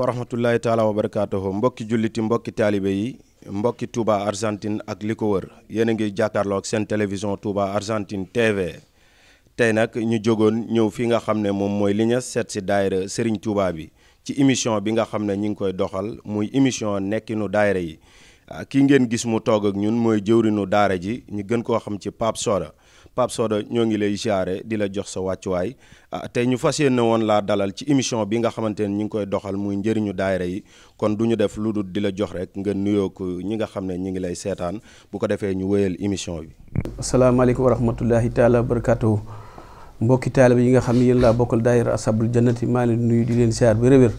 wa rahmatullahi taala wa mbokki julliti mbokki taalibe yi mbokki Touba Argentine ak li ko wër yéen a ngi jàkkaarloo ak seen télévision Touba Argentine TV tey nag ñu jógoon ñëw fi nga xam ne moom mooy li ñu seet si daayira Serigne Touba bi ci émission bi nga xam ne ñu ngi koy doxal muy émission nekkinu daayira yi ah, kii ngeen gis mu toog ak ñun mooy jëwrinu daara ji ñu gën koo xam ci Pape Sora Pape ñoo ngi lay ziare di la jox sa wàccuwaay ah te ñu fas yéene woon laa dalal ci émission bi nga xamante ne ñu ngi koy doxal muy njëriñu daayira yi kon du ñu def lu dul di la jox rek nga nuyoo ko ñi nga xam ne ñu ngi lay seetaan bu ko defee ñu wéyal émission bi. asalaamaaleykum wa rahmatullahi taala wa barakatuhu mbokki taaliba yi nga xam ne yéen laa bokkal daayira asabul jannati maa ngi nuyu di leen ziar bi wér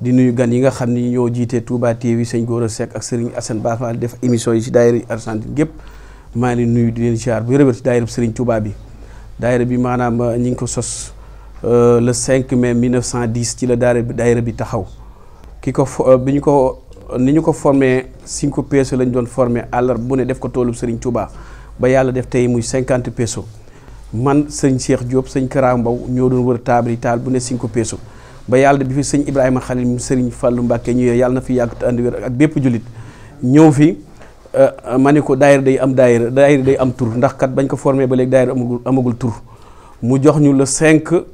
di nuyu gan yi nga xam ni ñoo jiitee Touba TV sëñ Gora Seck ak sëriñ Assane Ba Fall def émission yi ci daayira Argentine gépp maa ngi nuyu di leen ziar bu rëbër ci daayira Serigne bi daayira bi maanaam euh, ñi ngi ko sos euh, le 5 mai 1910 ci la daayira bi daayira bi taxaw ki ko euh, bi ñu ko ni ñu ko formé cinq peso lañ doon formé àllar bu ne def ko toolub Serigne Touba ba yàlla def tey muy cinquante peso man sëñ Cheikh Diop sëñ Kara Mbow ñoo doon wër taabri taal bu ne cinq peso ba yàlla bi fi sëñ Ibrahima Khalil mu Serigne Fallou Mbacke ñëwee yàlla na fi yàgg te ànd wér ak bépp jullit ñëw fi. Euh, ma ni ko daayira day am daayira daayira day am tur ndax kat bañ ko formé ba léegi daayira amagul amagul tur mu jox ñu le 5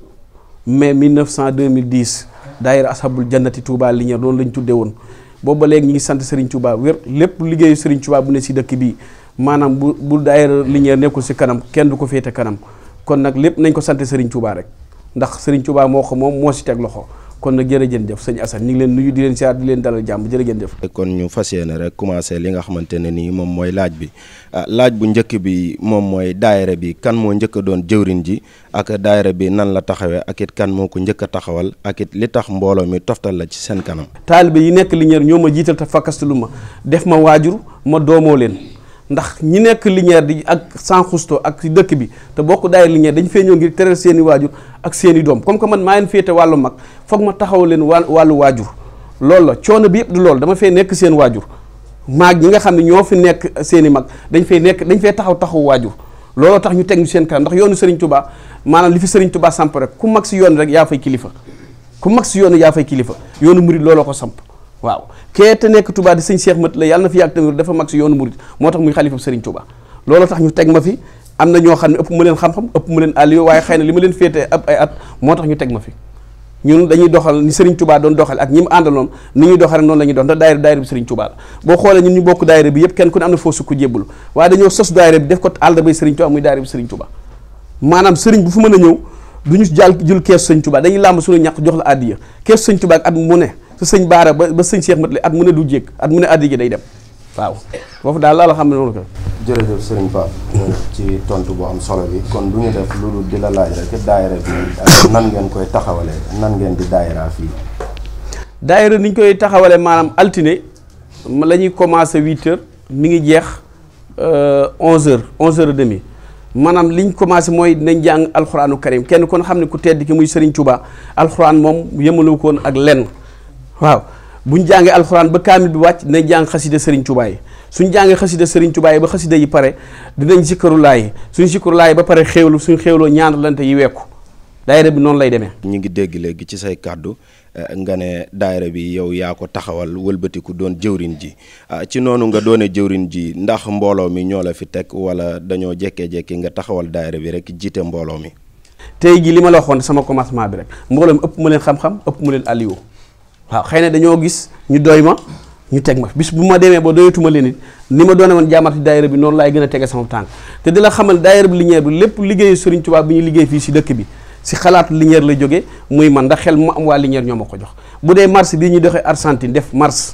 mai 1900 2010 daayira ashabul jannati Touba Linière doon lañ tuddee woon boobu ba léegi ñu ngi sant Serigne Touba wér lépp liggéeyu Serigne Touba bu ne si dëkk bii maanaam bu bu daayira Linière nekkul si kanam kenn du ko féete kanam kon nag lépp nañ ko sant Serigne Touba rek ndax Serigne Touba moo ko moom moo si teg loxo. kon nag jërëjëf jëf sëñ Assane ñu ngi leen nuyu di leen siyaar di leen dalal jàmm jërëjëf jëf kon ñu fas yéene rek commencé li nga xamante ne nii moom mooy laaj bi ah laaj bu njëkk bi moom mooy daayira bi kan moo njëkk a doon jëwriñ ji ak daayira bi nan la taxawee ak it kan moo ko njëkk a taxawal ak it li tax mbooloo mi toftal la ci seen kanam taalibe yi nekk li ñeer ñoo ma jiital te fakkastalu ma def ma waajur ma doomoo leen ndax ñi nekk Linguère di ak Sanxusto ak dëkk bi te bokk daay Linguère dañ fee ñëw ngir teral seeni i waajur ak seen doom comme que man maa leen féete wàllu mag foog ma taxaw leen wàllu waajur loolu la coono bi yëpp du loolu dama fee nekk seen waajur maag ñi nga xam ne ñoo fi nekk seen i mag dañ fay nekk dañ fee taxaw taxaw waajur looloo tax ñu teg ñu seen kanam ndax yoonu Serigne Touba maanaam li fi Serigne Touba samp rek ku mag si yoon rek yaa fay kilifa ku mag si yoon yaa fay kilifa yoonu murid looloo ko samp waaw kee te nekk Touba di sëñ Cheikh Mat la yàlla na fi yàgg tamit dafa mag si yoonu murit moo tax muy xalifam sëriñ Touba loolu tax ñu teg ma fi am na ñoo xam ne ëpp ma leen xam-xam ëpp ma leen àll waaye xëy na li ma leen féetee ab ay at moo tax ñu teg ma fi ñun dañuy doxal ni sëriñ Touba doon doxal ak ñi mu àndaloon ni ñuy doxal rek noonu la ñuy dox ndax daayira daayira bi sëriñ Touba la boo xoolee ñun ñu bokk daayira bi yëpp kenn ku ne am na foo sukk jébbul waaye dañoo sos daayira bi def ko àll bay sëriñ Touba muy daayira bi sëriñ Touba fu mën a ñëw du ñu jàll jël kees sëriñ Touba dañuy làmb suñu ñàkk jox la àddiya kees sëriñ Touba ak at mu ne sëñ baara ba ba sëñ Cheikh matali at mu ne du jékk at mu ne addi ji day dem waaw foofu daal la xam ne noonu ko jërëjëf sëriñ Pape ci tontu bu am solo bi kon du ñu def lu dul di la ngeen koy taxawalee nan ngeen di daayira fii daayira ni ñu koy taxawalee maanaam altine la ñuy commencé huit heures mi ngi jeex euh, onze heures onze heures et demie maanaam liñ commencé mooy dinañ jàng alxuraanu karim kenn kon xam ne ku tedd ki muy sëriñ Touba alxuraan moom yëmalawu koon ak lenn waaw bu ñu jàngee alxuraan ba kaamil bi wàcc dinañ jàng xasida Serigne Touba yi suñ jàngee xasida Serigne Touba yi ba xasida yi pare dinañ sikkarulaay suñ sikkarulaay ba pare xéewlu suñ xéewloo ñaanalante yi wekku daayira bi noonu lay demee. ñu ngi dégg léegi ci say kàddu eh, nga ne daayira bi yow yaa ko taxawal wëlbatiku doon jëwrin ji ah, ci noonu nga doone jëwrin ji ndax mbooloo mi ñoo la fi teg wala dañoo jekkee-jekki nga taxawal daayira bi rek jiite mbooloo mi. tey jii li ma la waxoon sama commencement bi rek mbooloo ëpp ma leen xam-xam leen aliwo waaw xëy na dañoo gis ñu doy ma ñu teg ma bis bu ma demee ba doyatuma leen it ni ma doone woon jaamarti daayira bi noonu laay gën a tege sama tànk te di la xamal daayira bi Linière bi lépp liggéeyu Serigne Touba bi ñu liggéey fii si dëkk bi si xalaatu Linière la jógee muy man ndax xel mu am waa Linière ñoo ma ko jox bu dee marche bii ñu doxee Argentine def marche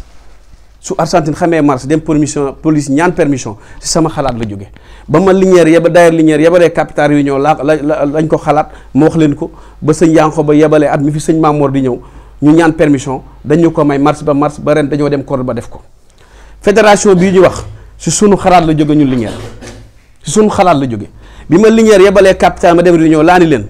su Argentine xamee marche dem permission police ñaan permission si sama xalaat la jóge ba ma Linière yeba daayira Linière yebalee capital réunion laa la lañ ko xalaat ma wax leen ko ba sëñ Yankoba yebalee at mi fi sëñ Mamour di ñëw ñu ñaan permission dañu ko may mars ba mars ba ren dañoo dem koor ba def ko fédération bii ñu wax si sunu xalaat la jóge ñu Linguère si sunu xalaat la jóge bi ma Linguère yebalee capital ma dem réunion laa ni leen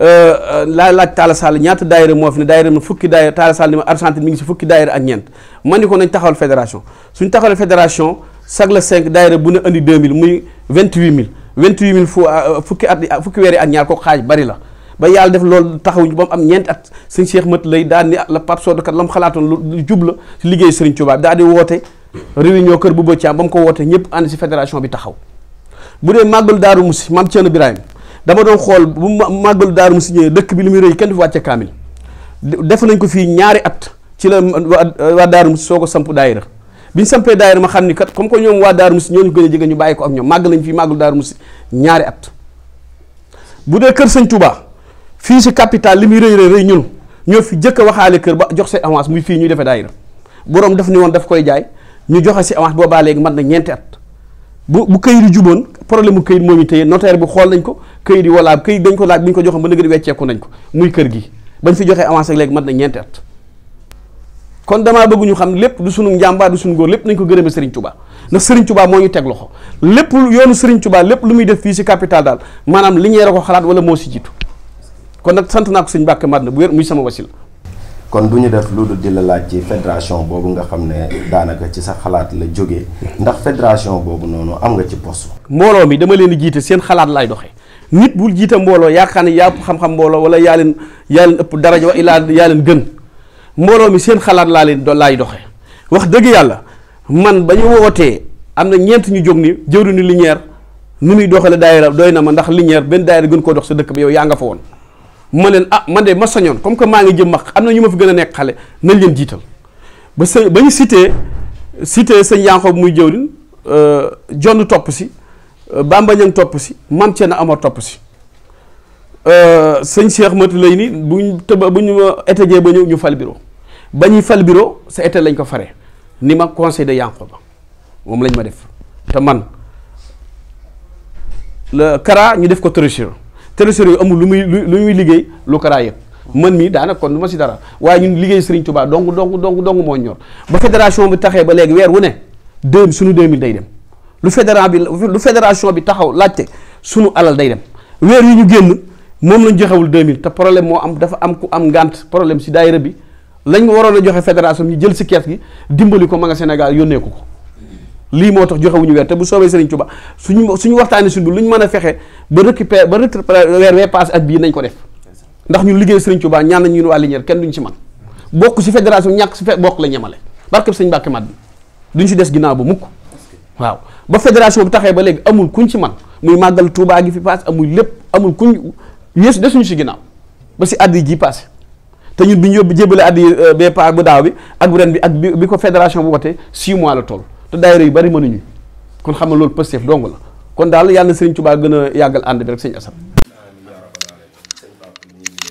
euh, laa laaj Talla Sall ñaata daayira moo fi ne daayira mu fukki daayira Talla Sall ni ma Argentine mi ngi si fukki daayira ak ñeent man ni ko nañ taxawal fédération suñ taxawal fédération sag la cinq daayira bu na indi 2000 muy 28000 28000 fu euh, fukki at fukki weer yi ak ñaar ko xaaj bari la ba yàlla def loolu taxawuñu ba mu am ñeenti at sëñ Cheikh Mat lay daal ni la Pape Sodo kat la mu xalaatoon lu jub la ci liggéey Serigne Touba daal woote réunion kër bu Bëccam ba ko woote ñëpp ànd si bi taxaw bu dee màggalu Daaru Musi maam Thierno Birahim dama doon xool bu màggalu Daaru Musi ñëwee dëkk bi li muy rëy kenn du fi wàcce kaamil def nañ ko fii ñaari at ci la waa Daaru Musi soo ko samp daayira bi ñu sampee xam ni kat comme que ñoom waa Daaru Musi ñooñu gën a jege ñu bàyyi ko ak ñoom màgg nañ fii màggalu Daaru Musi ñaari at bu dee kër sëñ Touba fii si capital li muy rëy rëy rëy ñun ñoo fi jëkk waxaale kër ba jox say avance muy fii ñuy defee daayira borom daf ni woon daf koy jaay ñu joxe si avance boobaa léegi mat na ñeenti at bu bu këyit yi juboon problème mu këyit moo ñu téye notaire bi xool nañ ko këyit yi walaab këyit dañ ko laaj bu ñu ko joxoon ba nëgëri wecceeku nañ ko muy kër gi bañ fi joxee avance ak léegi mat na ñeenti at kon damaa bëgg ñu xam lépp du sunu njàmbaar du sunu góor lépp nañ ko gërëme Serigne Touba ndax Serigne Touba moo ñu teg loxo lépp yoonu Serigne Touba lépp lu muy def fii si capital daal maanaam li ñeera ko xalaat wala moo si jiitu kon nag sant naa ko sëñ Mbàkke Madina bu wér muy sama wasila kon du ñu def lu dul di la laaj ci fédération boobu nga xam ne daanaka ci sa xalaat la jógee ndax fédération boobu noonu am nga ci post mbooloo mi dama leen di jiite seen xalaat laay doxee nit bul jiite mbooloo yaakaar ne yaa xam-xam mbooloo wala yaa leen yaa leen ëpp daraja gën mbooloo mi seen xalaat laa leen laay doxee wax dëgg yàlla man ba ñu wootee am na ñeent ñu jóg ni jëwriñu Linière ni muy doxale daayira doy na ma ndax Linière benn daayira gën koo dox sa dëkk bi yow yaa nga fa woon. ma leen ah man de ma sañoon comme que maa ngi jëm ma am na ñu ma fi gën a nekk xale nañ leen jiital ba sëñ ba ñu cité cité sëñ Yankob muy jëwriñ euh, jonn topp si euh, Bamba topp si man Mam a Amar topp si euh, sëñ Cheikh Mati lay ni buñ tëba bu ñu ma étagee ba ñu ñu fal biro ba ñu fal biro sa été lañ ko fare ni ma conseil de Yankob ba moom lañ ma def te man le kara ñu def ko trésorier yu amul lu muy lu muy liggéey lu Kara yëg man mii daanaka kon du ma si dara waaye ñun liggéey Serigne Touba dong dong dong dong moo ñor ba fédération bi taxee ba léegi weer wu ne deux suñu 2000 day dem lu fédération bi lu fédération bi taxaw laajte suñu alal day dem weer yi ñu génn moom lañ joxewul 2000 te problème moo am dafa am ku am ngànt problème si daayira bi lañ waroon a joxe fédération ñu jël si kees gi dimbali ko ma nga Sénégal yónnee ko lii moo tax joxewuñu weer te bu soobee Serigne Touba suñu suñu waxtaanee suñu luñ mën a fexe ba récupérer ba récupérer weer wee paase at bii nañ ko def ndax ñu liggéey Serigne Touba ñaan nañ ñun waa Linière kenn duñ ci man bokk si fédération ñàkk si bokk la ñemale barkeb Serigne si des ginnaaw ba mukk waaw ba fédération bi taxee ba léegi amul kuñ ci man muy màggal Touba gi fi paase amul lépp amul kuñ yées desuñu si ginnaaw ba si at yi ji paase te ñun bi ñu yóbbu jébale at yi euh, bee pa bu daaw bi ak bu ren bi ak bi ko fédération bu wootee 6 mois la tool te daayira yu bari mënuñu kon xam nga loolu Pastef dong la kon daal yàlla na Serigne Touba gën a yàggal ànd bi rek sëñ Assane.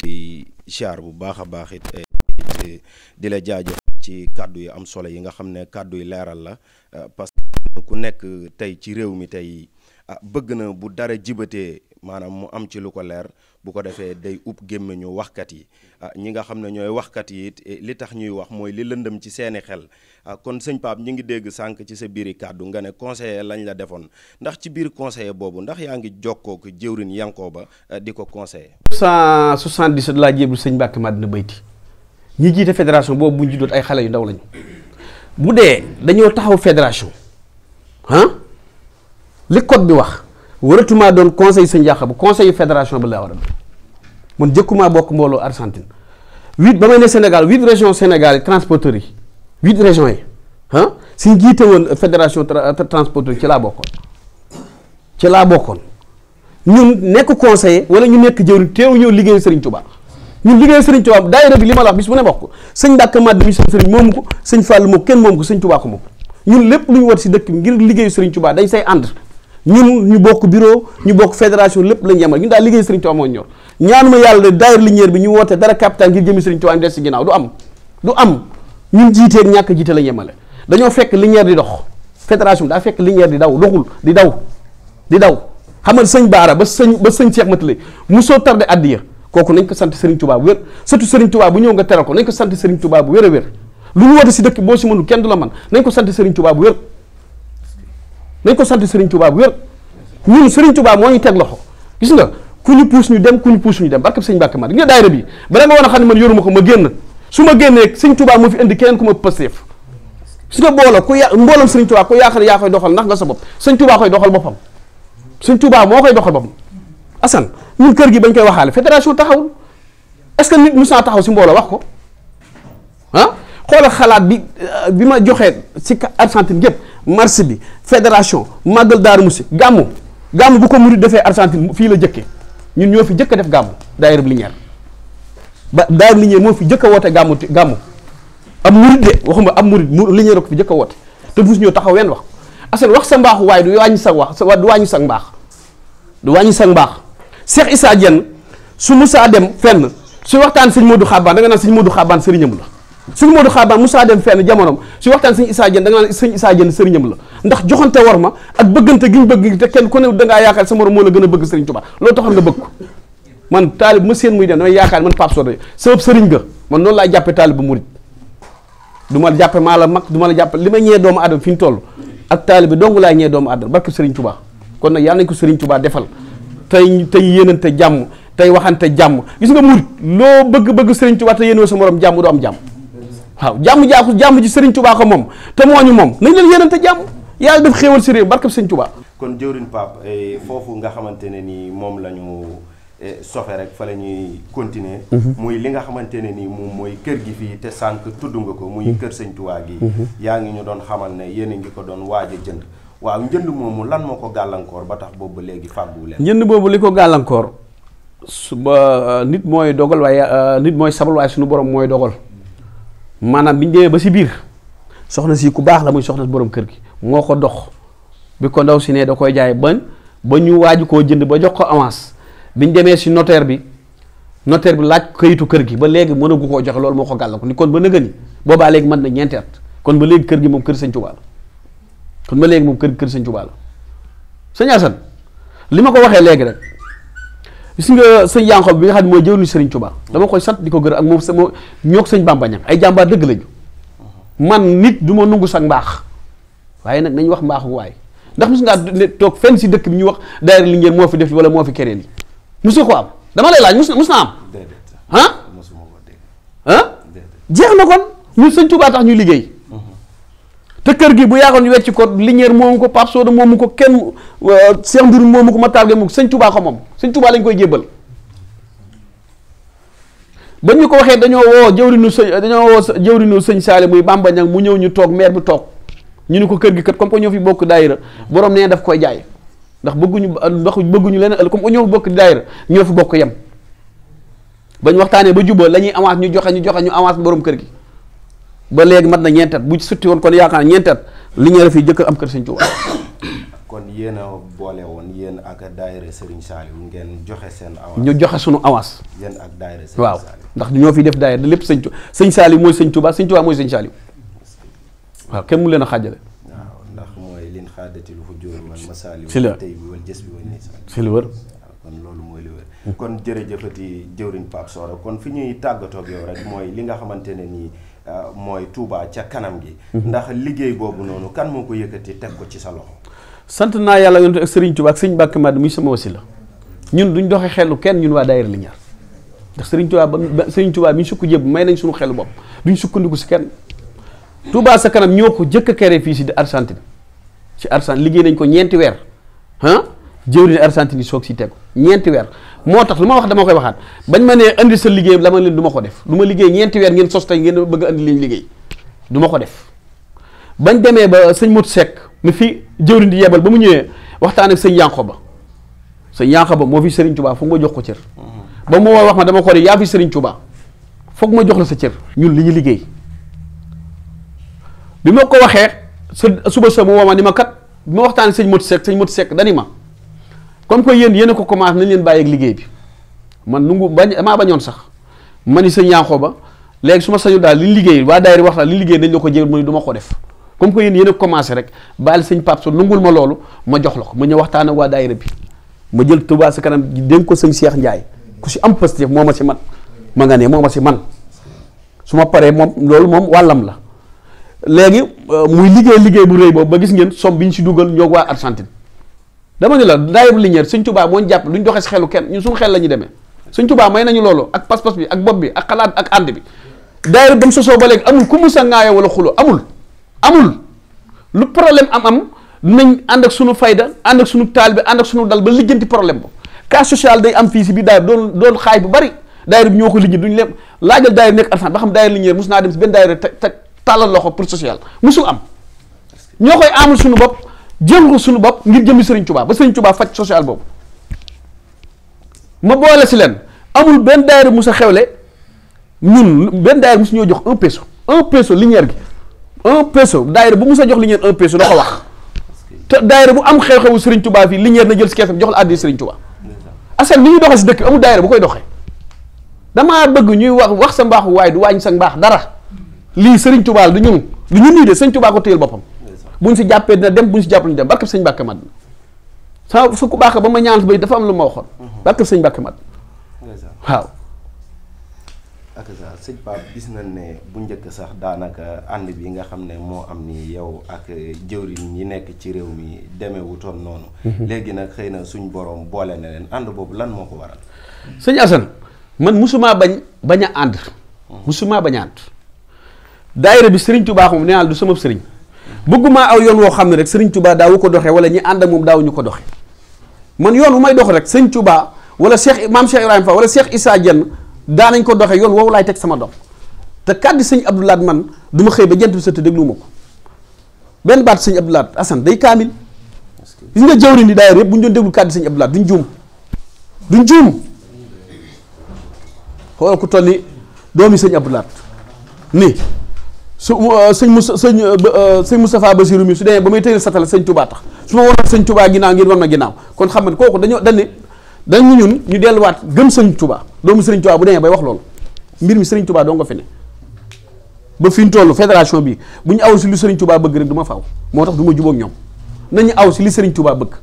di bu baax a baax it eh, la jaajëf ci kàddu yu am solo yi nga xam ne kàddu yu leeral la eh, parce que ku nekk tey ci réew mi tey ah, bëgg na bu dara jibatee maanaam mu am ci lu ko leer bu ko defee day ub gémmiñu waxkat yi ah, ñi nga xam ne ñooy waxkat yi it eh, li tax ñuy wax mooy li lëndëm ci seeni xel ah, kon sëñ Pape ñi ngi dégg sànq ci sa biiri kàddu nga ne conseil lañ la defoon ndax ci biir conseil boobu ndax yaa ngi jokkoo ko jëwriñ yankoo ba eh, di ko conseiller 1977 laa jéblu sëñ Mbàkke Madina Bayti ñi jiite fédération boobu bu ñu juddoot ay xale yu ndaw lañu bu dee dañoo taxaw fédération ah li code bi wax waratumaa doon conseil sëñ yàq bu conseil fédération bi laa war a doon man jëkkumaa bokk mbooloo Argentine huit ba may ne Sénégal huit régions Sénégal yi transporteurs yi huit régions yi ah suñ jiite woon fédération transporteurs ci laa bokkoon ci laa bokkoon ñun nekk conseiller wala ñu nekk jëwri teew ñëw liggéey Serigne tubaa ñun liggéey Serigne Touba daayira bi li ma la wax bis bu ne bokk ko sëñ Mbàkke Mad mi sëñ Serigne ko sëñ Fall moom kenn moom ko sëñ Touba ko ñun lépp lu ñu war si dëkk ngir liggéeyu Serigne Touba dañ say ànd ñun ñu bokk bureau ñu bokk fédération lépp lañ yemal ñun daal liggéey Serigne Touba moo ñor ñaanuma yàlla daayira Linière bi ñu woote dara capital ngir jëmi Serigne Touba ñu des si ginnaaw du am du am ñun jiiteeg ñàkk jiite lañ yemale dañoo fekk Linière di dox fédération daa fekk Linière di daw doxul di daw di daw xam nga sëñ Baara ba sëñ ba sëñ Cheikh Matale mosoo tardé addiya kooku nañ ko sant Serigne Touba bu wér surtout Serigne Touba bu ñëw nga teral ko nañ ko sant Serigne Touba bu wér a wér lu boo si mënul kenn du la man nañ ko sant Serigne Touba nañ ko sant Serigne Touba bu wér ñun Serigne Touba moo ñu teg loxo gis nga ku ñu puus ñu dem ku ñu puus ñu dem barkab sëñ ma Mar nga daayira bi bala nga war a xam ne man yoruma ko ma génn su ma génnee sëñ Touba moo fi indi keneen ku ma pëseef su nga booloo ku ya mboolam sëñ Touba ku yaakaar yaa koy doxal ndax nga sa bopp sëñ Touba koy doxal boppam sëñ Touba moo koy doxal boppam Assane ñun kër gi bañ koy waxaale fédération taxawul est-ce que nit mu saa taxaw si mbooloo wax ko ah xalaat bi euh, bi ma joxee si Argentine gépp mars bi fédération màggal daaru musi gàmmu gàmmu bu ko murid defee Argentine fii la jëkke ñun ñoo fi jëkk a def gàmmu daayira Liniers ba daayira Liniers moo fi jëkk a woote gàmmu gàmmu am murid de waxuma am murid Liniers ko fi jëkk a woote te buus ñoo taxaw wenn wax Assane wax sa mbaaxu waaye du wàññi sa wax sa du wàññi sa mbaax du wàññi sa mbaax Cheikh Issa Dieng su musaa dem fenn su waxtaan sëñ Modou Xabaan da nga naan sëñ Modou Xabaan sëriñam la su suñu Modou Xaabaan Moussa dem fenn jamonoom su waxtaan sëñ Issa Diène da nga naan sëñ Issa Diène sëriñam la ndax joxante war ma ak bëggante gi bëgg te kenn ku ne da ngaa yaakaar sa morom moo la gën a bëgg sëriñ Tuubaa loolu taxoon nga bëgg ko man taalib ma seen muy dem damay yaakaar man Pape Soda sabab sëriñ nga man noonu laa jàppe bu murit du ma jàppe maa la mag du la jàppe ma ñee doomu aadama fi ñu toll ak taalib bi dong laa ñee doomu aadama barke sëriñ Tuubaa kon nag yàlla nañ ko sëriñ tubaa defal tey tey yéenante jàmm tey waxante jàmm gis nga murit loo bëgg-bëgg sëriñ Tuubaa te yéenoo sa morom jàmm doo am jàmm waaw jàmm jaaku jàmm ji sëriñ Touba ko moom te moo ñu moom nañ leen te jàmm yàlla def xéewal si réew barkab Serigne Touba. kon jëwriñ Pape eh, foofu nga xamante ne ni moom lañu ñu eh, sofe rek fa la ñuy continuer. Mhm. muy li nga xamante ne ni moom mooy kër gi fii te sànq tudd nga ko muy mhm. kër sëñ Touba gi. Mhm. yaa ngi ñu doon xamal ne yéen a ngi ko doon waaj jënd waaw njënd moomu lan moo ko gàllankoor ba tax boobu léegi fàggu leen. njënd boobu li ko gàllankoor su ba nit mooy dogal waaye nit mooy sabal waaye borom mooy dogal maanaam bi ñu demee ba si biir soxna si ku baax la muy soxna boroom kër gi moo ko dox bi ko ndaw si ne da koy jaay bañ ba ñu waaju koo jënd ba jox ko awance bi ñu demee si notaire bi notaire bi laaj kayitu kër gi ba léegi mënagu koo joxe loolu moo ko gàll ko ni kon ba nëgë ni boobaa léegi mën na ñeenti at kon ba léegi kër gi moom kër sañ Tuubaa la kon ba léegi moom kër kër sañ Tuubaa la sëñ Asan li ma ko waxee léegi rek gis nga sëñ Yankob bi nga xam ne mooy jëwriñu Sëriñ tubaa dama koy sant di ko gër ak moom sama ñoog sëñ Bàmba ay jàmbaar dëgg lañu man nit duma ma nungu sax mbaax waaye nag nañ wax mbaaxu waay ndax mos ngaa toog fenn si dëkk bi ñuy wax daayira li ngeen moo fi def wala moo fi keneen yi mosu ko am dama lay laaj mos mos na am ah ah jeex na kon ñun sëñ tubaa tax ñuy liggéey te kër gi bu yaagoon wecci ko Linière moom ko Pape Soda moomu ko kenn euh, Cheikh Ndour moomu ko Matar Gueye moomu ko sëñ Touba ko moom sëñ Touba lañ koy jébbal ba ñu ko waxee dañoo woo jëwrinu sëñ dañoo woo jëwrinu sëñ Saale muy Bamba Ñang mu ñëw ñu toog maire bi toog ñu ni ko kër gi kat comme que fi bokk daayira borom nee daf koy jaay ndax bëgguñu ndax bëgguñu leneen ëllëg comme que ñoo fi bokk daayira ñoo fi bokk yem bañ waxtaanee ba jubal la ñuy avance ñu joxe ñu joxe ñu avance borom kër gi ba léegi mat na ñeenti at bu sutti woon kon yaakaar ñeenti at li ñu fi jëkkër am kër Sëriñ Tuubaa kon yéen a boole woon yéen ak daayira Serigne Saliou ngeen joxe seen avance ñu joxe sunu avance. yéen ak daayira Serigne waaw ndax ñoo fi def daayira lépp Sëriñ Tuubaa Sëriñ Saliou mooy Sëriñ Tuubaa Sëriñ Tuubaa mooy Sëriñ Saliou waaw kenn mu leen a xaajale. waaw ndax mooy liñ xaadati lu ko jóor man ma Saliou si la tey bi wala jës bi wala nii si la kon loolu mooy li wër kon jërëjëfati jëwriñ Pape Sora kon fi ñuy tàggatoo ak yow mooy li nga xamante ne nii Euh, mooy Touba ca kanam gi. Mhm. ndax liggéey boobu noonu kan moo ko yëkkati teg ko ci sa loxo. sant naa yàlla yonent ak Serigne Touba ak sëñ Mbàkke Madi muy sama la ñun duñ doxe xelu kenn ñun waa daayira li ñaar ndax Serigne Touba ba Serigne Touba bi ñu sukk jëb may nañ sunu xelu bopp duñ sukkandiku si kenn. Touba sa kanam ñoo ko jëkk a kere fii si Argentine ci Argentine liggéey nañ ko ñeenti weer ah jëwriñ Argentine yi soog si ko ñeenti weer moo tax lu ma wax dama koy waxaat bañ ma nee andi sa liggéey la ma leen duma ko def duma liggéey ñeenti weer ngeen sos tey ngeen bëgg andi leen liggéey duma ko def bañ demee ba sëñ Mot Seck mi fi jëwriñ di yebal ba mu ñëwee waxtaan ak sëñ Yankoba sëñ Yankoba moo fi Serigne Touba foog ma jox ko cër ba mu wax ma dama ko de yaa fi Serigne Touba foog ma jox la sa cër ñun li ñu liggéey bi ma ko waxee sa suba sa mu woo ni ma kat bi ma waxtaan ak sëñ Mot Seck sëñ Mot Seck dani ma comme que yéen yéen ko commencé nañ leen bàyyi ak liggéey bi man nungu bañ maa bañoon sax ma ni sëñ Yankoba ba léegi su ma sañu daal li liggéey waa daayira wax daal li liggéey dañ la ko jébal mu ne du ko def comme que yéen yéen a commencé rek baal sëñ Pape Sow nungul ma loolu ma jox la ko ma ñëw waxtaan ak waa daayira bi ma jël Touba sa kanam dénk ko sëñ Cheikh Ndiaye ku si am positif moo ma si man ma nga ne moo ma si man su ma paree moom loolu moom wàllam la léegi euh, muy liggéey liggéey bu rëy boobu ba gis ngeen somme bi ñu si dugal ñoo waa Argentine dama ni la daayib linière suñ tubaa moo ñu jàpp duñ doxee si xelu kenn ñun suñu xel la ñu demee suñ tubaa may nañu loolu ak pas-pas bi ak bopp bi ak xalaat ak ànd bi daayib ba mu sosoo ba léegi amul ku a ŋaayo amul amul lu problème am am nañ ànd ak suñu fayda ànd suñu taal bi ànd ak dal ba lijjanti problème bo cas social day am fii si biir daayib doon doon xaay bu bari daayir bi ñoo ko lijjanti duñ leen laajal daayir nekk arsan ba xam daayir linière naa dem si benn daayir te tàllal loxo pour social musul am ñoo koy amul sunu bopp jëngu suñu bopp ngir jëmmi Serigne Touba ba Serigne faj social boobu boole si leen amul benn daayira mu sa xewle ñun benn daayira mu su jox un peso un peso lineer gi un bu mu sa jox lineer un peso na ko wax te daayira bu am xew-xewu Serigne Touba fii lineer na jël si keesam jox la àddi Serigne Touba asal ni ñuy doxe si dëkk amul daayira bu koy doxee damaa bëgg ñuy wax wax sa mbaaxu waaye du wàññi sa mbaax dara lii sëriñ tubaal du ñun du ñun ñii de Serigne Touba ko téyel boppam. buñ si jàppee dina dem buñ si jàppee dina dem barkab sëñ Mbàkke mat na sama su ku baax ba ma ñaan bay dafa am lu ma waxoon. Mhm. barkab sëñ Mbàkke mat waaw. ak sëñ Pape gis nañ ne bu njëkk sax daanaka ànd bi nga xam ne moo am ni yow ak jëwriñ nekk ci réew mi demee wutoon noonu. Mhm. léegi nag xëy na suñ borom boole na leen ànd boobu lan moo ko waral. sëñ Assane man musuma bañ bañ a ànd. Mhm. musuma bi sëriñ Tuubaa moom nee naa du sama sëriñ. bëgguma aw yoon woo xam ne rek sëriñ tubaa daawu ko doxee wala ñi ànd ak moom daawuñu ko doxe man yoon wu may dox rek sëriñ Touba wala Cheikh maam Cheikh Ibrahima Fall wala Cheikh Issa Diène daanañ ko doxee yoon woowu laay teg sama dox te kàddu sëñ Abdou Lahad man du ma xëy ba jant bi sa te déglu ma ko benn baat sëñ Abdou Lahad Assane day kaamil gis nga jëwriñ di daayira yëpp bu ñu doon déglu kàddu sëñ Abdou Lahad duñ juum duñ juum xoolal ku toll doomi sëñ su euh, sëñ Moussa sëñ euh, euh, sëñ Moustapha Bassirou mi su demee ba may tëyal satala sëñ Touba tax su ma waral sëñ Touba ginnaaw ngeen war ma ginnaaw kon xam nga kooku dañoo dañ ne dañ ñun ñu delluwaat gëm sëñ Touba doomu sëriñ Touba bu demee bay wax loolu mbir mi sëriñ tubaa doo nga fi ba fi ñu toll fédération bi bu ñu aw si lu sëriñ tubaa bëgg rek du ma faw moo tax du ma jubóog ñoom nañu aw si li sëriñ Touba bëgg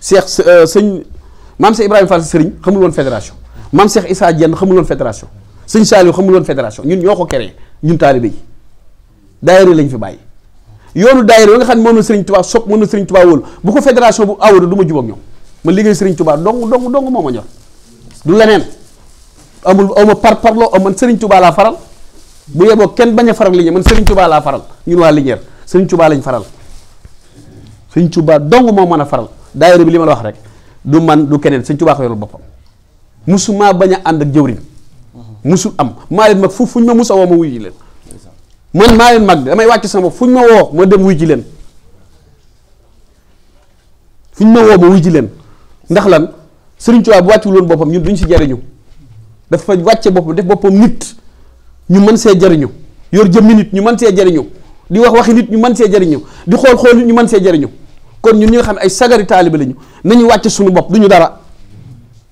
Cheikh sëñ maam Cheikh Ibrahima Fall sëriñ xamul woon fédération maam Cheikh Issa Diène xamul woon fédération sëñ Saliou xamul woon fédération ñun ñoo ko créé ñun taalibe daayira lañ fi bàyyi yoonu daayira nga xam ne moom la Serigne Touba sopp moom la Serigne bu ko fédération bu awoodo du ma jubóog ñoom ma liggéey Serigne Touba dong dong dong moo ma ñor du leneen amul aw ma man Serigne Touba faral bu kenn bañ a faral Linguère man Serigne Touba laa faral ñun waa Linguère Serigne Touba lañ faral Serigne Touba dong moo mën a faral daayira bi li ma la wax rek du man du keneen Serigne Touba ko yorul boppam musu maa bañ a ànd ak jëwriñ musul am maa mag fu fuñ ma musa woo ma wuyu leen man maa leen mag damay wàcc sama fu ñu ma woo ma dem wuy ji leen fu ñu ma woo ma wuy ji leen ndax lan Sëriñ Tuubaa bu wàccul woon boppam ñun duñ si jariñu dafa wàcce boppam def boppam nit ñu mën see jariñu yor jëmmi nit ñu mën see jariñu di wax waxi nit ñu mën see jariñu di xool xool nit ñu mën see jariñu kon ñun ñu nga xam ne ay sagari taalibe lañu ñu wàcce suñu bopp duñu dara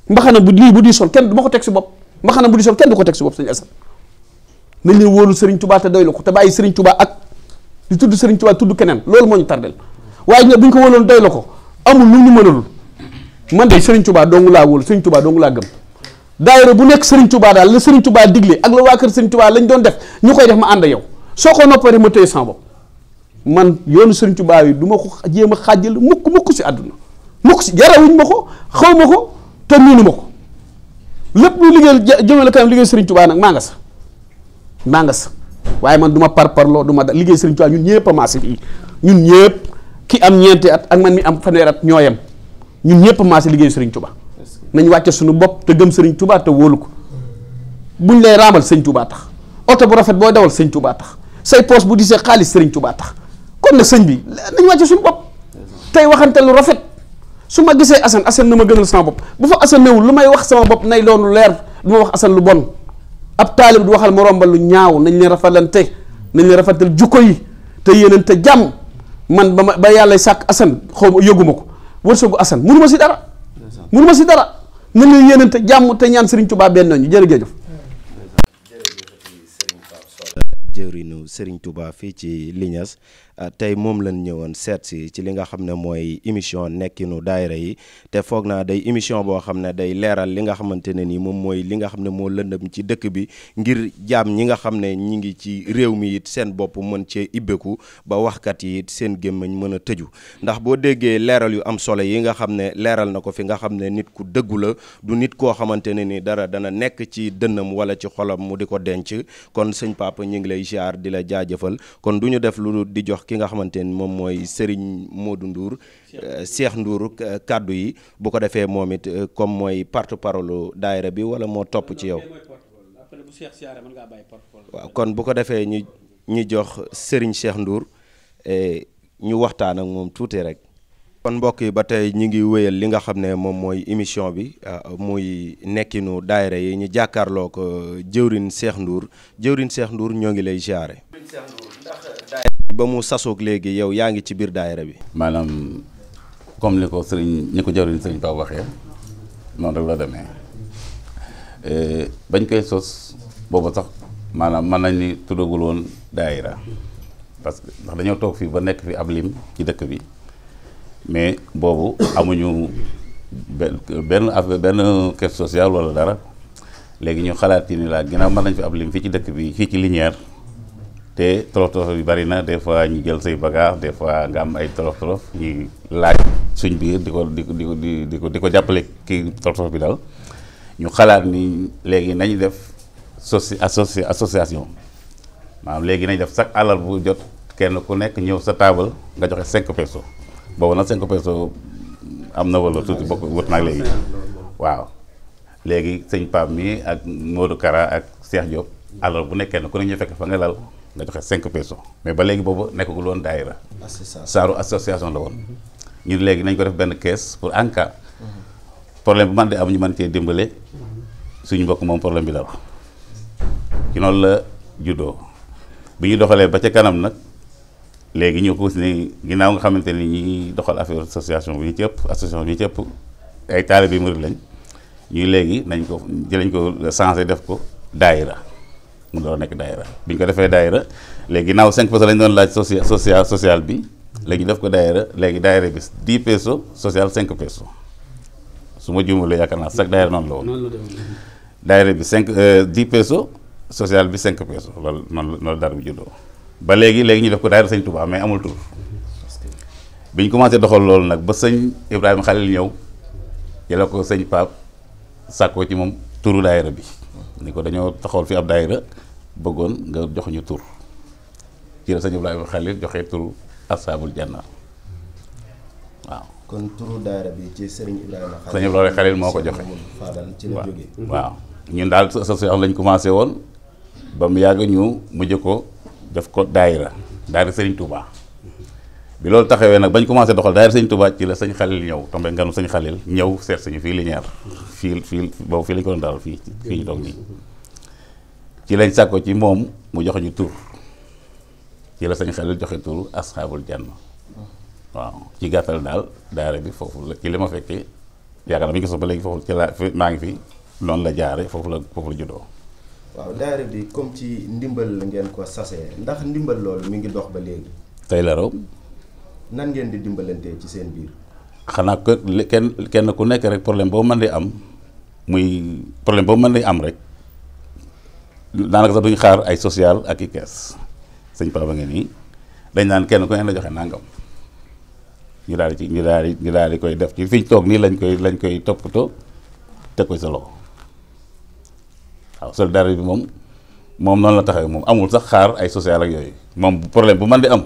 mbaxana bu lii bu di sol kenn du ma ko teg si bopp mbaxana bu di sol kenn du ko teg si bopp sañu asal nañ leen wóolu Serigne Touba te doylu ko te bàyyi Serigne Touba ak di tudd Serigne Touba tudd keneen loolu moo ñu tardel waaye ñoom bu ñu ko wóoloon doylu ko amul lu ñu mënalul man de Serigne Touba dongu laa wóolu Serigne Touba dongu laa gëm daayira bu nekk Serigne Touba daal la Serigne tubaa digle ak la waa kër Serigne Touba lañ doon def ñu koy def ma ànd yow soo ko noppee rek ma téye sama bopp man yoonu Serigne Touba yi duma ma ko jéem a xàjjal mukk mukk si àdduna mukk si yarawuñ ma ko xaw ma ko te miinu ma ko lépp lu liggéeyal jëmale kanam liggéey Serigne Touba nag maa sax maa nga waaye man du ma par parloo du ma da liggéey Sëriñ Tuubaa ñun ñëpp a maase fii ñun ñëpp ki am ñeenti at ak man mi am fanweer at ñooyam ñun ñëpp a maase liggéey Sëriñ Tuubaa nañu wàcce suñu bopp te gëm Sëriñ Tuubaa te wóolu ko buñ lay raamal Sëriñ Tuubaa tax oto bu rafet booy dawal Sëriñ Tuubaa tax say poos bu disee xaalis Sëriñ Tuubaa tax kon nag sëñ bi nañ wàcce suñu bopp tey waxante lu rafet su ma gisee Assane Assane na ma gënal sama bopp bu fa Assane newul lu may wax sama bopp nay loolu leer du wax Assane lu bon ab taalib du waxal ba lu ñaaw nañ leen rafetlante nañ leen rafetal jukko yi te yeneen te jàmm man ba ma ba yàlla sàkk asan xaw ma yëguma ko wërsëgu asan mënu ma si dara mënu ma si dara nañ leen te jàmm te ñaan Serigne Touba benn ñu jërëjëf jëwrinu Serigne Touba fii ci Lignas Euh, tey moom lan ñëwoon seet si ci li nga xam ne mooy émission nekkinu daayira yi te foog naa day émission boo xam ne day leeral li nga xamante ne ni moom mooy li nga xam ne moo lëndëm ci dëkk bi ngir jaam ñi nga xam ne ñi ngi ci réew mi it seen bopp mën cee ibbeku ba waxkat yi it seen gémmiñ mën a tëju ndax boo déggee leeral yu am solo yi nga xam ne leeral na ko fi nga xam ne nit ku dëggu la du nit koo xamante ne ni dara dana nekk ci dënnam wala ci xolam mu di ko denc kon sëñ papa ñu ngi lay ziar di la jaajëfal kon du ñu def lu di jox ki nga xamante ni moom mooy Serigne Modou nduur euh, Cheikh Ndour euh, kàddu yi bu ko defee moom it euh, comme mooy parte parole daayira bi wala moo topp ci yow waaw kon bu ko defee ñu ñu jox Serigne Cheikh Ndour ñu waxtaan ak moom tuuti rek kon mbokk yi ba tey ñu ngi wéyal li nga xam ne moom mooy émission bi muy nekkinu daayira yi ñu jàkkaarloo ko jëwrin Cheikh nduur jëwrin Cheikh nduur ñoo ngi lay jaare ba mu sasoog léegi yow yaa ngi ci biir daayira bi. maanaam comme ni ko sëriñ ñi ko jawriñ sëriñ Ba waxee noonu rek la demee e, bañ koy sos boobu sax maanaam mën nañ ni tuddagul woon daayira parce que ndax dañoo toog fii ba nekk fi ab lim ci dëkk bi mais boobu amuñu benn affaire benn caisse sociale wala dara léegi ñu xalaat ci ni laa ginnaaw mën nañ fi ab lim fii ci dëkk bi fii ci Linière. te tolof tolof yu bari na des fois ñu jël say bagage des fois nga am ay tolof tolof ñuy laaj suñ biir di ko di ko di ko di ko di ko jàppale kii tolof tolof bi daal ñu xalaat ni léegi nañu def soci association maanaam léegi nañ def chaque alal bu jot kenn ku nekk ñëw sa taabal nga joxe cinq pesos boobu nag cinq pesos am na wala tuuti bokk wut nag léegi waaw léegi sëñ paam mi ak Modou Kara ak Cheikh Diop alal bu nekk kenn ku ne ñu fekk fa nga lal nga joxe cinq pesos mais ba léegi boobu nekkagul woon daayira ah, saaru association la woon ñu mm-hmm. léegi nañ ko def benn kees pour en mm-hmm. problème bu man de am ñu man cee dimbale mm-hmm. suñu mbokk moom problème bi la wax noonu la juddoo bi ñu doxalee ba ca kanam nag léegi ñu xuus ni ginnaaw nga xamante ni ñi doxal affaire association bi ñu ci ëpp association bi ñu ci ëpp ay taalibe bi murid lañ ñuy léegi nañ ko jëlañ ko changé def ko daayira mun door a nekk daayira bi ñu ko defee dayra léegi naaw cinq pesos lañu doon laaj social social social bi léegi def ko daayira léegi daayira bi 10 pesos social 5 su ma juumalee yaakaar naa sax daayira la woon. Mhm. daayira bi 5 10 euh, social bi 5 pesos loolu noonu la daara bi juddoo ba léegi léegi ñu def ko daayira sëñ Touba mais amul tur bi ñu commencé doxal loolu nag ba sëñ Ibrahima Khalil ñëw jëla ko sëñ Pape sàkkoo ci moom turu daayira bi. ni ko dañoo taxawal fi ab daayira bëggoon nga jox ñu tur ci la sëñ Ibrahima Khalil joxe tur Ashabul Janna waaw. kon turu daayira bi ci moo ko joxe. ci la jógee waaw ñun daal sa sa lañ commencé woon ba mu yàgg ñu mujj ko def ko daayira daayira sëriñ Touba. bi loolu taxawee nag bañ commencé doxal daayira sëñ Touba ci la sëñ Xalil ñëw tombé nganu sëñ Xalil ñëw seet sañu fii Linière fii fii boobu fii lañ ko doon daal fii ñu toog ci lañ sàkko ci moom mu joxe ñu tur ci la sëñ Xalil joxe tur asxaabul janna waaw ci gàttal daal daayira bi foofu la ci li ma fekkee yaakaar naa bi ñu gis ba léegi foofu ci la maa ngi fi noonu la jaare foofu la foofu la juddoo waaw daayira bi comme ci ndimbal ngeen ko sasee ndax ndimbal loolu mi ngi dox ba léegi tey la raw nan ngeen di dimbalantee ci seen biir. xanaa que kenn kenn ku nekk rek problème boo mën di am muy problème boo mën di am rek daanaka sax duñu xaar ay social ak i kees sëñ Paa ba ngeen nii dañ naan kenn ku ne la joxe nangam ñu daal di ci ñu daal di daal di koy def ci fiñ toog nii lañ koy lañ koy toppatoo teg koy solo loxo waaw solidarité bi moom moom noonu la taxawee moom amul sax xaar ay social ak yooyu moom problème bu mën di am.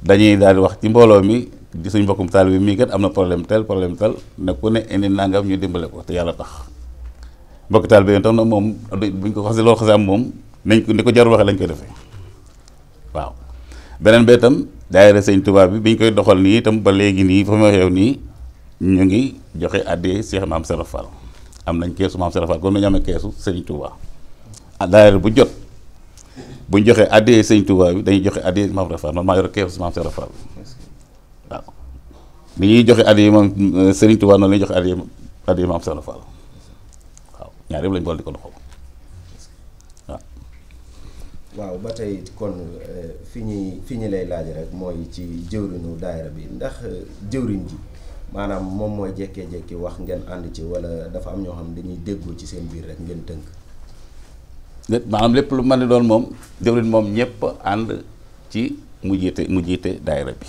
dañuy daal di wax ci mbooloo mi di suñ mbokkum taal bi mii kat am na problème tel problème tel ne ku ne indi nangam ñu dimbale ko te yàlla tax mbokk taal bi tam na moom buñ ko xasee loolu xasee am moom nañ ko ni ko jar waxee lañ koy defee waaw beneen ba itam daayira sëñ Tuubaa bi bi ñu koy doxal nii itam ba léegi nii fa ma xew nii ñu ngi joxe àddee Seex Maam Serap Fall am nañ keesu Maam Serap Fall comme ni ñu amee keesu sëñ Tuubaa daayira bu jot. bu ñu joxee addee sëñ Touba bi dañuy joxe addee maam Rafaal man maa yor keesu maam Seex Rafaal waaw ni ñuy joxe addee moom euh, sëriñ Touba noonu la ñuy joxe addee addee maam Seex Rafaal waaw ñaar yëpp lañ boole di ko doxal waaw. waaw ba tey kon euh, fi ñuy fi ñu lay laaj rek mooy ci jëwriñu daayira bi ndax euh, jëwriñ ji maanaam moom mooy jékkee jékki wax ngeen ànd ci wala dafa am ñoo xam ne dañuy déggoo ci seen biir rek ngeen tënk. lépp maanaam lépp lu mën a doon moom jëwriñ moom ñëpp ànd ci mu jiite mu jiite daayira bi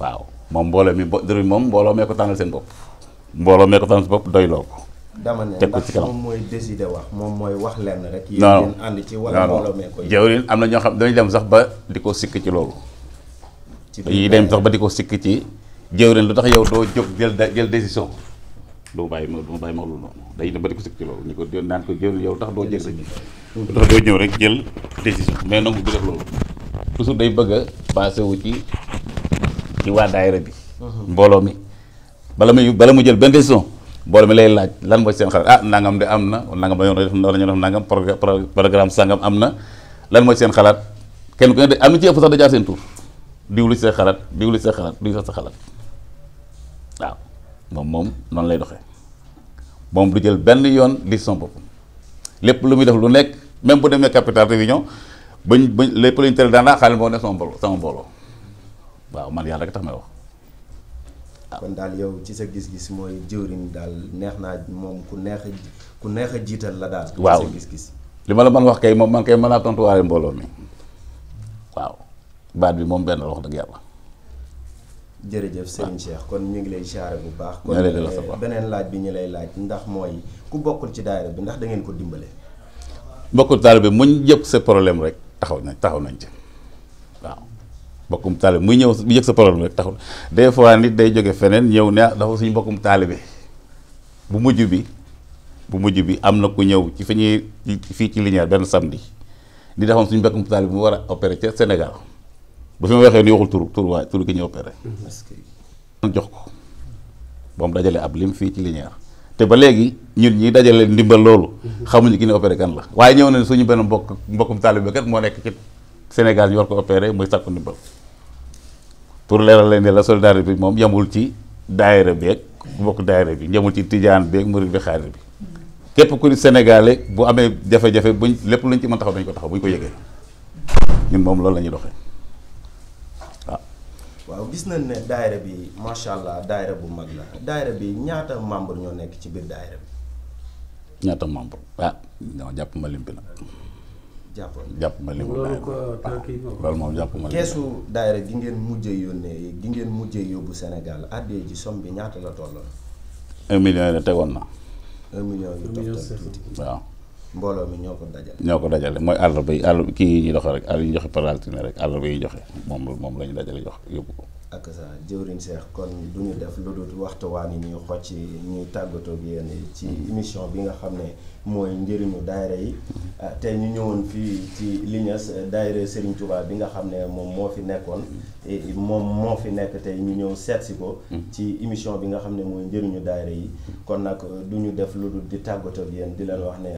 waaw moom mbooloo mi bo jëwriñ moom mbooloo mee ko tànnal seen bopp mbooloo mee ko tànnal seen bopp doyloo ko. dama ne ndax moom mooy décidé wax moom mooy rek. yéen ngeen ànd ci wala mbooloo mee ko jëwriñ am na ñoo xam dem sax ba di ko sikk ci loolu. dañuy dem sax ba di ko sikk ci jëwriñ lu tax yow doo jóg jël jël décision. doo bàyyi ma doo bàyyi moo loolu noonu day na bëri ko sëkk ci loolu ko naan ko jël yow tax doo jël rek tax doo ñëw rek jël décision mais nangu bi def loolu toujours day bëgg a wu ci ci waa daayira bi mhm. mbooloo mi bala muy bala mu jël benn décision mbooloo mi lay laaj lan mooy seen xalaat ah nangam de am na nangam la ñu def war nañoo def nangam programme sangam am na lan mooy seen xalaat kenn ku ne am na ci ëpp sax da jaar seen tur diwlu ci sa xalaat diwlu ci sa xalaat diwlu sa xalaat waaw moom moom noonu lay doxee moom du jël benn yoon décision boppam lépp lu muy def lu nekk même bu demee capital réunion ba bañ lépp lu ñu tere daanaka xaaral moo ne sama mbooloo sama waaw man yàlla rek tax may wax. Ah. kon daal yow ci sa gis-gis mooy jëwriñ daal neex naa moom ku neex a ku neex a jiital la daal. waaw gis-gis. li ma la mën wax kay moom man kay mën naa tontuwaale mbooloo mi waaw baat bi moom benn la wax dëgg yàlla. jërëjëf Serigne Cheikh kon ñu ngi lay siyaare bu baax. kon eh, beneen laaj bi ñu lay laaj ndax mooy ku bokkul ci daayira bi ndax da ngeen ko dimbale. bokkul taalibe bi muñ yëg sa problème rek taxaw nañ taxaw nañ ci waaw bokkum taalibe muy ñëw yëg sa problème rek taxaw fois nit day jóge feneen ñëw ne ah, dafa suñu bokkum taalibe bu mujj bi bu mujj bi am na ku ñëw ci fi ñuy fii ci Linière benn samedi di dafa suñu bokkum taalibe mu war a opérer ca bu fi ma waxee ni waxul tur tur waay tur gi ñu opéré. Mm-hmm. jox ko ba mu dajale ab lim fii ci Linière te ba léegi ñun ñi dajale ndimbal loolu. Mm-hmm. xamuñu ki ñu opéré kan la waaye ñëw nañ suñu benn mbokk mbokkum taalibe kat moo nekk ci Sénégal ñu war ko opéré muy sàkku ndimbal pour leeral leen ne la solidarité bi moom yamul ci daayira beeg mbokk daayira bi yamul ci tijaan beeg murid bi xaadir bi képp ku ni sénégalais bu amee jafe-jafe buñ lépp luñ ci mën taxaw dañ ko taxaw buñ ko yëgee moom loolu la ñuy doxee. waaw gis nañ ne daayira bi macha allah daayira bu mag la daayira bi ñaata membre ñoo nekk ci biir daayira bi. ñaata membre ah non jàpp ma lim bi jàpp ma lim. loolu ko ah, loolu moom jàpp keesu daayira gi ngeen mujjee yónnee gi ngeen mujjee yóbbu Sénégal addee ji somme bi ñaata la tolloon. un million la tegoon na. un million yu toftal tuuti waaw. mbooloo mi ñoo ko dajale. ñoo ko dajale mooy àll bay àll kii yi ñuy joxe rek àll yi joxe par altine rek àll bay joxe moom moom la ñu dajale jox yóbbu ko. ak sa jëwriñ Seex kon du ñu def lu dul waxtuwaan yi ñuy xocc ñuy tàggatoo gi yéen ci mm-hmm. émission bi nga xam ne mooy njëriñu daayira yi mm-hmm. ah, tey ñu ñëwoon fii ci Lignas daayira Serigne Touba bi nga xam ne moom moo fi nekkoon mm-hmm. eh, moom moo fi nekk ñu ñëw seetsi ko ci émission bi nga xam ne mooy njëriñu daayira yi kon nag du def lu dul di tàggatoo gi yéen di leen wax ne